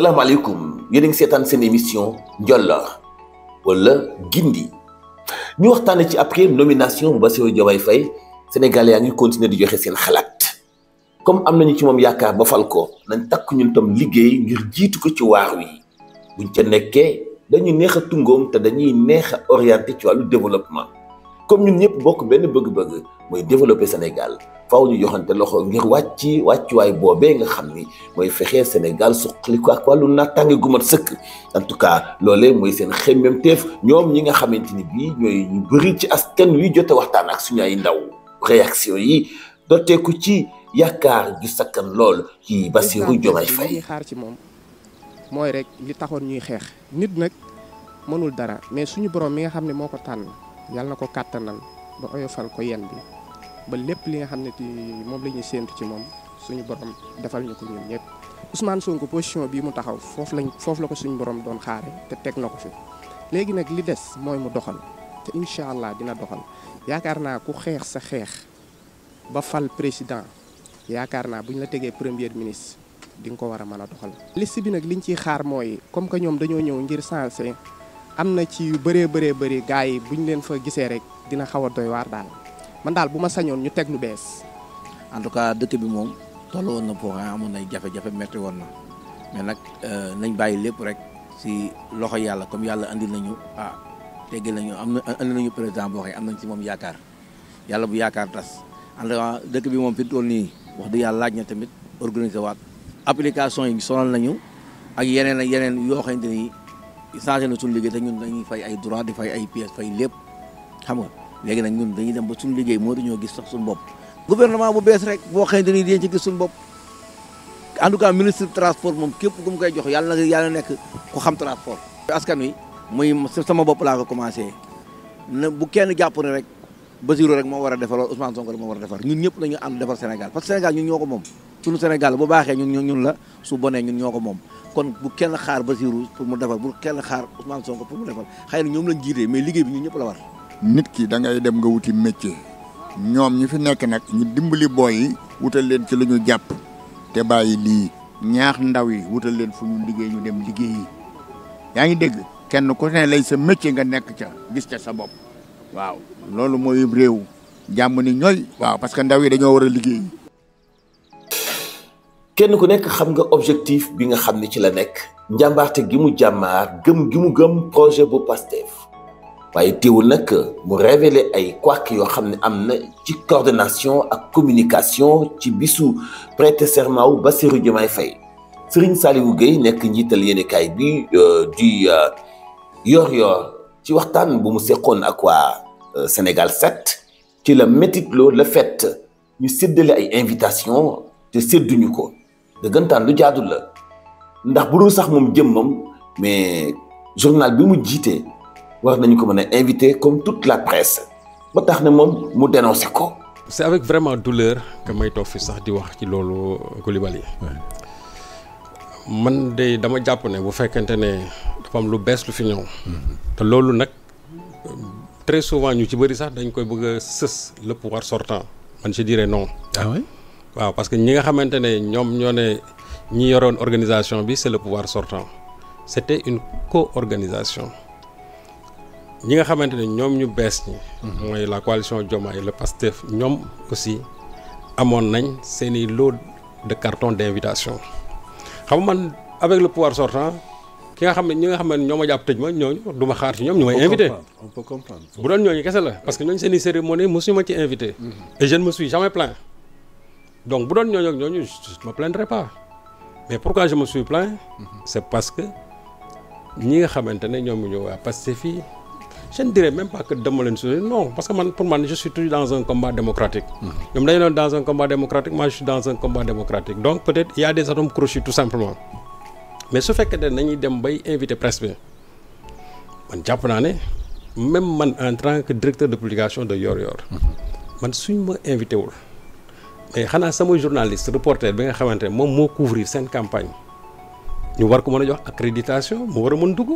salaamaaleykum yéen a ngi seetaan seen émission Ndiolor wala Gindi ñu waxtaanee ci après nomination bu Bassirou Diomaye Faye sénégalais yaa ngi continuer di joxe seen xalaat comme am nañu ci moom yaakaar ba fal ko nañ takk ñun tam liggéey ngir jiitu ko ci waar wi buñ ca nekkee dañuy neex a tungoom te dañuy neex a orienté ci wàllu développement. comme ñun ñëpp bokk benn bëgg-bëgg mooy développer Sénégal faaw ñu joxante loxo ngir wàcci wàccuwaay boobee nga xam ni mooy fexee Sénégal suqali ko ak wàllu naataange gu mat sëkk en tout cas loole mooy seen xemmemteef ñoom ñi nga xamante ni bii ñooy ñu bëri ci askan wi jote waxtaan ak suñu ay ndaw réaction yi dooteeku ci yaakaar ju sakkan lool ci Bassirou Diomaye Faye xaar ci moom mooy rek li taxoon ñuy xeex nit nag mënul dara mais suñu borom mi nga xam ne moo ko tànn yàlla na ko kàttanal ba oyofal ko yenn bi ba lépp li nga xam ne moom la ñuy séentu ci moom suñu borom defal ñu ko ñun ñëpp Ousmane ko position bii mu taxaw foofu lañ foofu la ko suñu borom doon xaare te teg na ko fi léegi nag li des mooy mu doxal te incha allah dina doxal yaakaar naa ku xeex sa xeex ba fal président yaakaar naa bu ñu la tegee première ministre di nga ko war a mën a doxal. liste bi nag liñ ciy xaar mooy comme que ñoom dañoo ñëw ngir sensé. Amna ci yu beure beure bëri gars yi buñ leen fa Mandal rek dina xawa doy war dal man dal buma sañon ñu teg lu en tout cas dëkk bi mom won na pour ay jafe-jafe metti won na mais nag euh, nañ bayyi lepp rek si loxo yalla comme yalla andil nañu ah teggal nañu amna andil nañu président boo xam am nañ bu tas en dëkk bi mom fi tol ni wax du yalla laaj na tamit organiser wat application yi sonal nañu ak yenen ak changé na suñu liggéey te ñun dañuy fay ay droit xam nga léegi nag ñun dañuy dem ba suñu liggéey moo dañoo gis sax suñu bopp gouvernement bu bees rek boo xëy dañuy deen ci suñu bopp en tout cas ministre transport moom képp ku mu koy jox yàlla na nekk ku xam transport askan wi sama bopp laa ko commencé bu kenn jàpp ne rek Basirou rek moo war a defar wala Ousmane Sonko rek moo war a defar ñun ñëpp nañu ànd defar Sénégal parce que ñun ñoo ko moom suñu Sénégal bu baaxee ñun ñun la su bonee ñun ñoo ko moom kon bu kenn xaar Basirou pour mu defar bu kenn xaar Ousmane Sonko pour mu defar xëy na ñoom lañ jiite mais liggéey bi ñu ñëpp la nit ki da dem nga wuti métier ñoom ñi fi nekk nag ñu dimbali booy yi wutal leen ci lu ñu jàpp te bàyyi lii ñaax ndaw yi wutal leen fu ñu liggéey ñu dem liggéey yaa ngi dégg kenn ku ne lay sa métier nga nekk ca gis ca sa bopp waaw loolu mooy réew jàmm ni ñooy waaw parce que ndaw yi dañoo war a liggéey kenn ku nekk xam nga objectif bi nga xam ni ci la nekk njàmbaarte gi mu jàmmaar gëm gi mu gëm projet bu Pastef waaye teewul nag mu révélé ay couac yoo xam ne am na ci coordination ak communication ci bisu prêter serment wu Bassirou Diomaye Faye Serigne Saliou Gueye nekk njiital yéenekaay bi euh, di euh, yor-yor ci waxtaan bu mu seqoon ak waa euh, Sénégal 7 ci la métitloo le fait ñu séddale ay invitation te sédduñu ko dëggantaan lu jaadul la ndax bu dul sax moom jëmmam mais journal bi mu jiitee war nañu ko mën a invité comme toute la presse ba tax ne moom mu dénoncé ko. c'est avec vraiment douleur que may toog fi sax di wax ci loolu Coulibaly man de dama jàpp ne bu fekkente ne dafa am lu bees lu fi ñëw. te loolu nag très souvent ñu ci bëri sax dañ koy bëgg a sës le pouvoir sortant man je dirais non. ah oui waaw parce que ñi nga xamante ne ñoom ñoo ne ñi yoroon organisation bi c'est le pouvoir sortant c'était une co-organisation ñi nga xamante ne ñoom ñu bees ñi. Mhm. mooy la coalition et le PASTEF ñoom aussi amoon nañ seeni lot de carton d'invitation xam man avec le pouvoir sortant ki nga xam ne ñi nga xam ne ñoo ma jàpp tëj ma ñooñu du ma xaar ci ñoom ñu may invité on peut comprendre bu doon ñooñu kese la parce que ñooñu seeni cérémonie mosuñu ma ci invité mhm. et je ne me suis jamais plaint donc si doon ñooñu je ne me plaindrai pas mais pourquoi je me suis plaint c'est parce que ñi nga xamante ne ñoom ñu waa c'est je ne dirais même pas que dama leen non parce que pour moi je suis toujours dans un combat démocratique. ñoom dañu dans un combat démocratique moi je suis dans un combat démocratique donc peut-être il y a des atomes crochus tout simplement mais ce fait que nous dem bay invité presse bi man même man en tant que directeur de publication de Yor.. Yor, man suñ invité mais eh, xanaa sama journaliste reporter bi nga xamante ne moom moo couvrir seen campagne ñu war ko mën a jox accréditation mu war a mën dugg.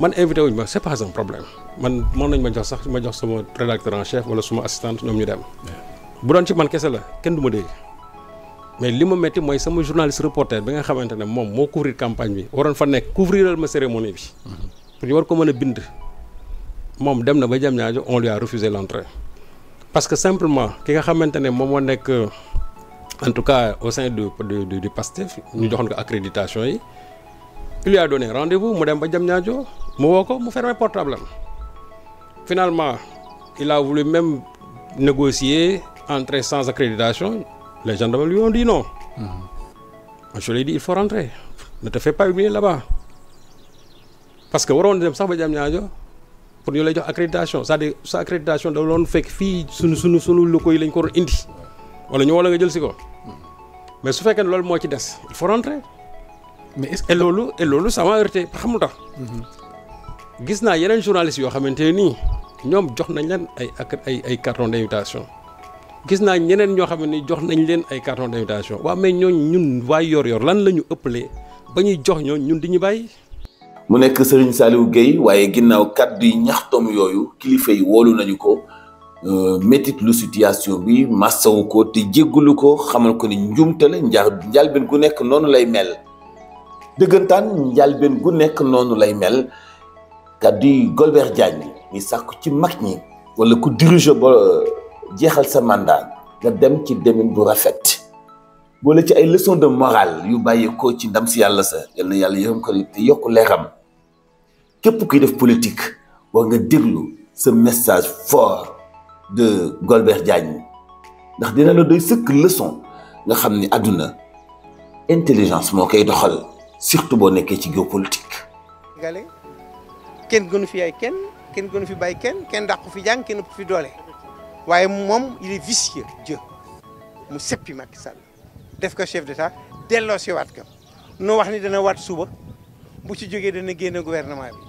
man invité wuñ ma c'est pas un problème man mën nañ ma jox sax ma jox sama rédacteur en chef wala suma assistante ñoom ñu dem. bu doon ci man kese la kenn du ma dégg mais li ma metti mooy sama journaliste reporter bi nga xamante ne moom moo couvrir campagne bi waroon fa nekk couvriral ma cérémonie bi. Mm-hmm. pour ñu war ko mën a bind. moom dem na ba jam ñaa on lui a refusé l'entrée parce que simplement ki nga xamantene momo en tout cas au sein du PASTEF nous ko accréditation il lui a donné rendez-vous mu dem ba Diamniadio mu woko mu fermer portable finalement il a voulu même négocier entrer sans accréditation les gendarmes lui ont dit non mm-hmm. je lui ai dit il faut rentrer ne te fais pas humilier là-bas parce que waroon dem sax ba pour ñu lay jox accréditation c'est-à-dire sa accréditation da doon fekk fii sunu sunu sunu locaux yi lañ ko doon indi wala ñu wala nga jël si ko mais su fekkee loolu moo ci des il faut rentrer mais est-ce que loolu et loolu ça m'a heurté xam nga tax mm-hmm. gis naa yeneen journalistes yoo xamante nii ñoom jox nañ leen ay ak ay ay carton d'invitation gis naa ñeneen ñoo xam ne jox nañ leen ay carton d'invitation waaw mais ñooñ ñun waay yor yor lan la ñu ëppalee ba ñuy jox ñooñ ñun di ñu bàyyi mu nekk Serigne Saliou Gueye waaye ginnaaw kàddu yi ñaxtoom yooyu kilifa yi woolu nañu ko euh, métit lu situation bi massawu ko te jéggalu ko xamal ko ni njuumte la njaal njaalbeen gu nekk noonu lay mel dëggantaan njaalbeen gu nekk noonu lay mel kàddu yi Golbert Diagne mi sàkku ci mag ñi wala ku dirige ba euh, jeexal sa mandat nga dem ci demin bu rafet boole ci ay leçons de morale yu bàyyeekoo ci ndam si yàlla sa yal na yàlla yërëm te yokk leeram képp kuy def politique war nga déglu ce message fort de Golbert Diagne ndax dina la doy sëkk leçon nga xam ni àdduna intelligence moo koy doxal surtout boo nekkee ci géopolitique. gale kenn gënu fi ay kenn kenn gënu fi bay kenn kenn dàqu fi jàng kenn ëpp fi doole waaye moom il est vicieux Dieu mu seppi Macky Sall def ko chef d'état delloo si waat ko nu wax ni dana wat suba bu ci jógee dana génne gouvernement bi.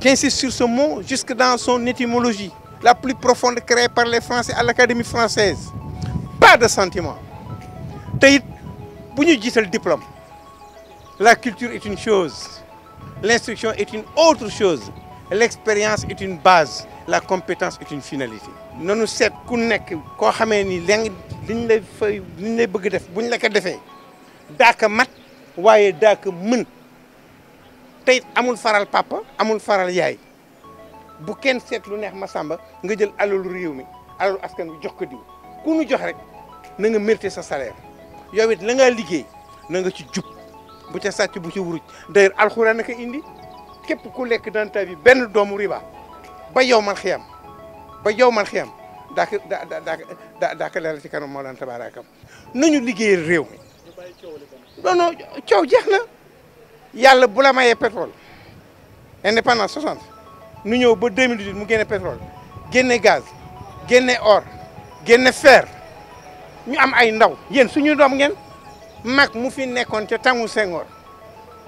J'insiste sur ce mot jusque dans son étymologie, la plus profonde créée par les Français à l'Académie française. Pas de sentiment. Si nous le diplôme, la culture est une chose, l'instruction est une autre chose, l'expérience est une base, la compétence est une finalité. Nous nous sommes les gens qui tey amul faral papa amul faral yaay bu kenn seet lu neex Massamba nga jël alalu réew mi alalu askan wi jox ko ku nu jox rek na nga mérité sa salaire yow it la liggéey na nga ci jub bu ca sàcc bu ca wuruj d'ailleurs alxuraan indi képp ku lekk danta bi benn doomu riba ba yow mal ba yow mal xiyam daa ko daa daa daa ko leeral ci kanam moo laan nañu liggéeyal réew mi non coow jeex na. Yalla bu la maye pétrole indépendance 60 nu ñëw ba 2018 mu génne pétrole génne gaz génne or génne fer ñu am ay ndaw yeen suñu doom ngeen mak mu fi nekkon ca tàngu Senghor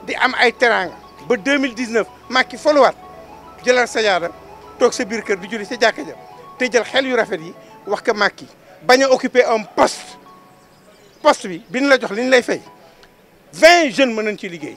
di am ay teraanga ba 2019 mag ki foluwaat jëlal sa jaada toog sa bir kër du julli sa jàkka ja te jël xel yu rafet yi wax ko mag ki bañ occuper un poste poste bi bi la jox liñ lay fay 20 jeunes mën nañ ci liggéey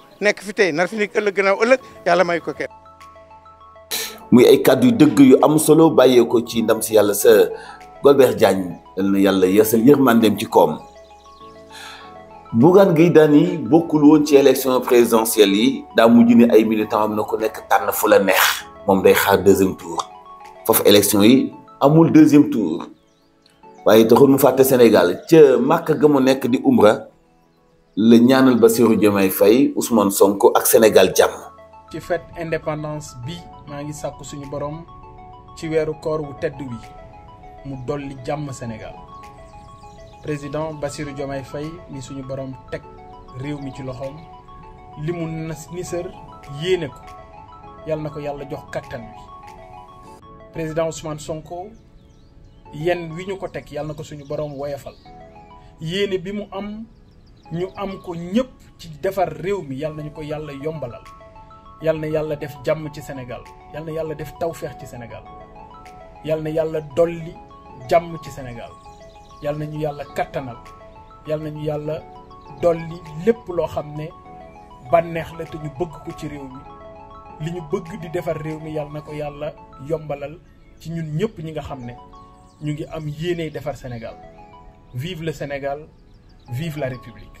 nek fi tay nar fi nekk ëllëg gannaaw ëllëg yàlla may ko kenn muy ay kàddu deug yu am solo bàyyee ko ci ndam si yàlla sa Golbert Diagne na yàlla yeesal dem ci kom Bougane Gueye Dany bokul won ci élection présidentielle yi da mujj ne ay militant am na ko nekk tànn fu la neex mom day xaar deuxième tour fofu élection yi amul deuxième tour waaye taxul mu fàtte Sénégal ci Màkka ga nek di Umra la ñaanal Bassirou Diomaye Faye Ousmane Sonko ak Sénégal jàmm. ci fête indépendance bi maa ngi sàkk suñu borom ci weeru koor wu tedd wi mu dolli jàmm Sénégal président Bassirou Diomaye Faye mi suñu borom teg réew mi ci loxoom li mu nas nisër yéene ko yal na ko yàlla jox kattan wi président Ousmane Sonko yenn wi ñu ko teg yal na ko suñu borom woyafal yéene bi mu am. ñu am ko ñëpp ci defar réew mi yàlla nañu ko yàlla yombalal yàlla na yàlla def jàmm ci sénégal yàlla na yàlla def tawfeex ci sénégal yàlla na yàlla dolli jàmm ci sénégal yàlla nañu yàlla kattanal yàlla nañu yàlla dolli lépp loo xam ne bànneex la te ñu bëgg ko ci réew mi li ñu bëgg di defar réew mi yàlla na ko yàlla yombalal ci ñun ñëpp ñi nga xam ne ñu ngi am yéene defar sénégal vive le sénégal vive la république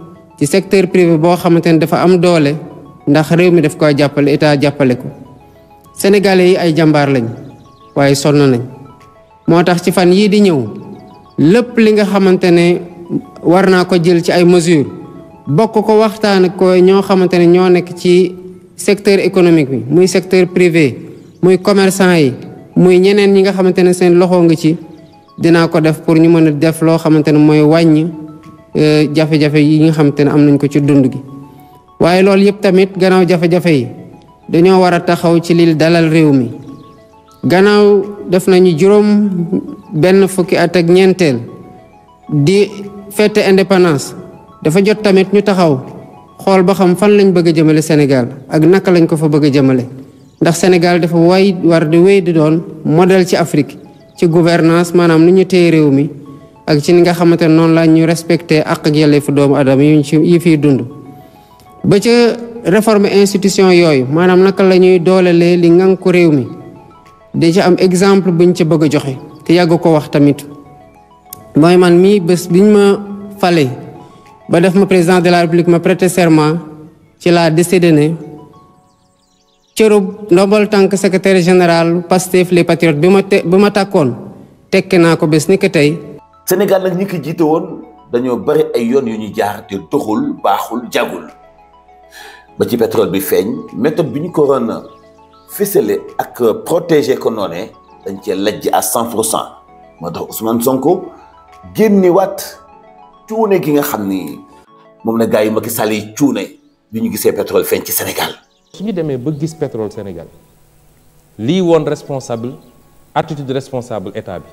ci secteur privé boo xamante ne dafa am doole ndax réew mi def koy jàppale état jàppale ko sénégalais yi ay jàmbaar lañ waaye sonn nañ moo tax ci fan yii di ñëw lépp li nga xamante ne war naa ko jël ci ay mesures bokk ko waxtaan ko ñoo xamante ne ñoo nekk ci secteur économique bi muy secteur privé muy commerçant yi muy ñeneen ñi nga xamante ne seen loxo ngi ci dinaa ko def pour ñu mën a def loo xamante ne mooy wàññi. Euh, jafe-jafe yi nga xam te ne am nañ ko ci dund gi waaye loolu yëpp tamit gannaaw jafe-jafe yi dañoo war a taxaw ci lii dalal réew mi gannaaw def nañu juróom benn fukki at ak ñeenteel di fête indépendance dafa jot tamit ñu taxaw xool ba xam fan lañ bëgg a jëmale Sénégal ak naka lañ ko fa bëgg a jëmale ndax Sénégal dafa way war di wéy di doon modèle ci Afrique ci gouvernance maanaam nu ñu téye réew mi ak ci ni nga xamantene non la ñu respecté ak ak yelleefu doomu adam yu ci yi fi dund ba ci réforme institution yoy manam naka la ñuy doolelee li ngànku rew mi de ci am exemple buñ ci bëgg joxe te yag ko wax tamit moy man mi bés biñ ma fale ba def ma président de la république ma prêté serment ci laa décidé ne cërub ndombal tank secrétaire général Pastef les patriotes bima bima te bi ko bés ni ke tay Sénégal nak ñi ki jité won dañoo bari ay yoon yu ñu jaar te doxul baaxul jagul ba ci pétrole bi feñ méthode bi ñu ko waroon fësale ak protéger ko noné dañ ci lajj à 100% mo cent Ousmane Sonko wat cuune gi nga xamni mom na gaay yu Macky Sall yi cuune bi ñu gisee pétrole feñ ci Sénégal. su ñu demee ba gis pétrole Sénégal li won responsable attitude responsable état bi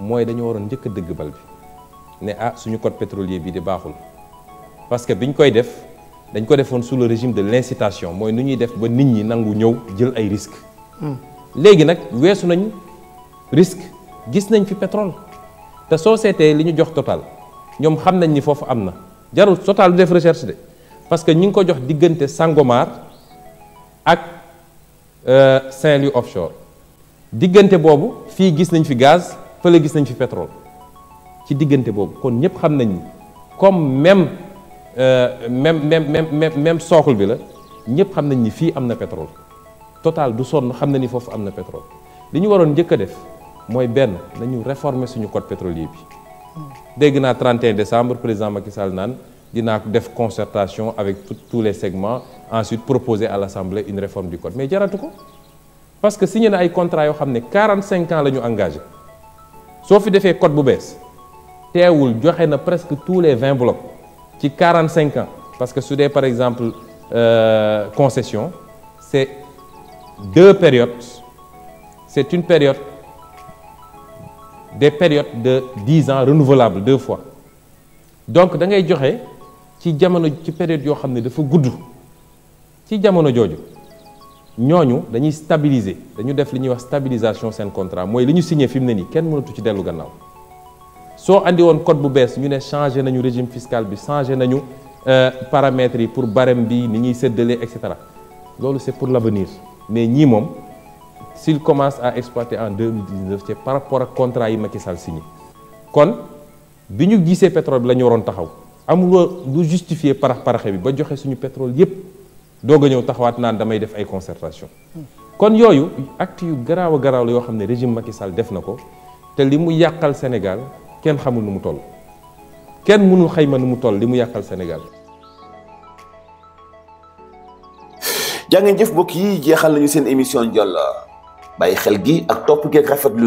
moy dañu jëk bal ne ah suñu code pétrolier bi parce que biñ koy def dañ ko sous le régime de l'incitation moy nu def ba nit ñi nangu jël ay risques. Hmm. légui nak risque gis nañ fi pétrole société li jox total xam nañ ni fofu amna total def recherche parce que ñi ngi ko jox Sangomar ak euh, Saint-Louis offshore gis gaz fële gis nañ fi pétrole ci diggante boobu kon ñëpp xam nañ ni comme euh, même même même même même socle bi la ñëpp xam nañ ni fii am na pétrole total du sonn xam na ni foofu am na pétrole li ñu waroon njëkk a def mooy benn nañu réformer suñu code pétrolier bi. dégg naa 31 décembre président Macky Sall naan dinaa def concertation avec tous les segments ensuite proposer à l'Assemblée une réforme du code mais jaratu ko parce que signé na ay contrat yoo xam ne 45 ans la ñu engagé. Sauf fi code bu presque tous les 20 blocs qui 45 ans parce que des par exemple euh, concession c'est deux périodes c'est une période des périodes de 10 ans renouvelables deux fois donc da ngay ci jamono ci période nous dañuy stabiliser dañu def li une wax stabilisation seen contrat mooy li ñu signé fi mu ne nii kenn mënatu ci dellu gannaaw soo andi woon code bu baisse, ñu ne changé nañu régime fiscal bi changé nañu euh, paramètres pour barème bi ni ñuy etc. c'est pour l'avenir mais nous moom s'il commence à exploiter en 2019 c'est par rapport au contrat yi Macky Sall signé kon dit que le pétrole bi la ñu waroon taxaw amuloo lu justifier parax paraxe bi ba joxe suñu pétrole yépp doog a ñëw taxawaat naan damay def ay concertation kon yooyu acte yu garaaw a garaaw la yoo xam ne régime Macky Sall def nako ko te li mu yàqal Sénégal kenn xamul nu mu toll kenn mënul xayma nu mu toll li mu yàqal Sénégal jàngeen jëf mbokk yi jeexal nañu seen émission Jolloor xel gi ak gi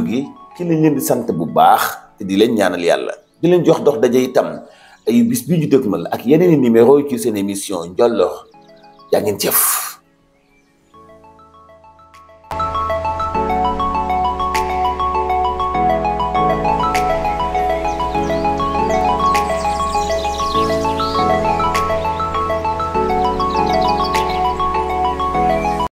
gi ci lañ leen di sant bu baax te di leen ñaanal yàlla di leen jox dox itam bis bi ñu dëgmal ak yeneen numéro ci seen émission yaa ngeen jëf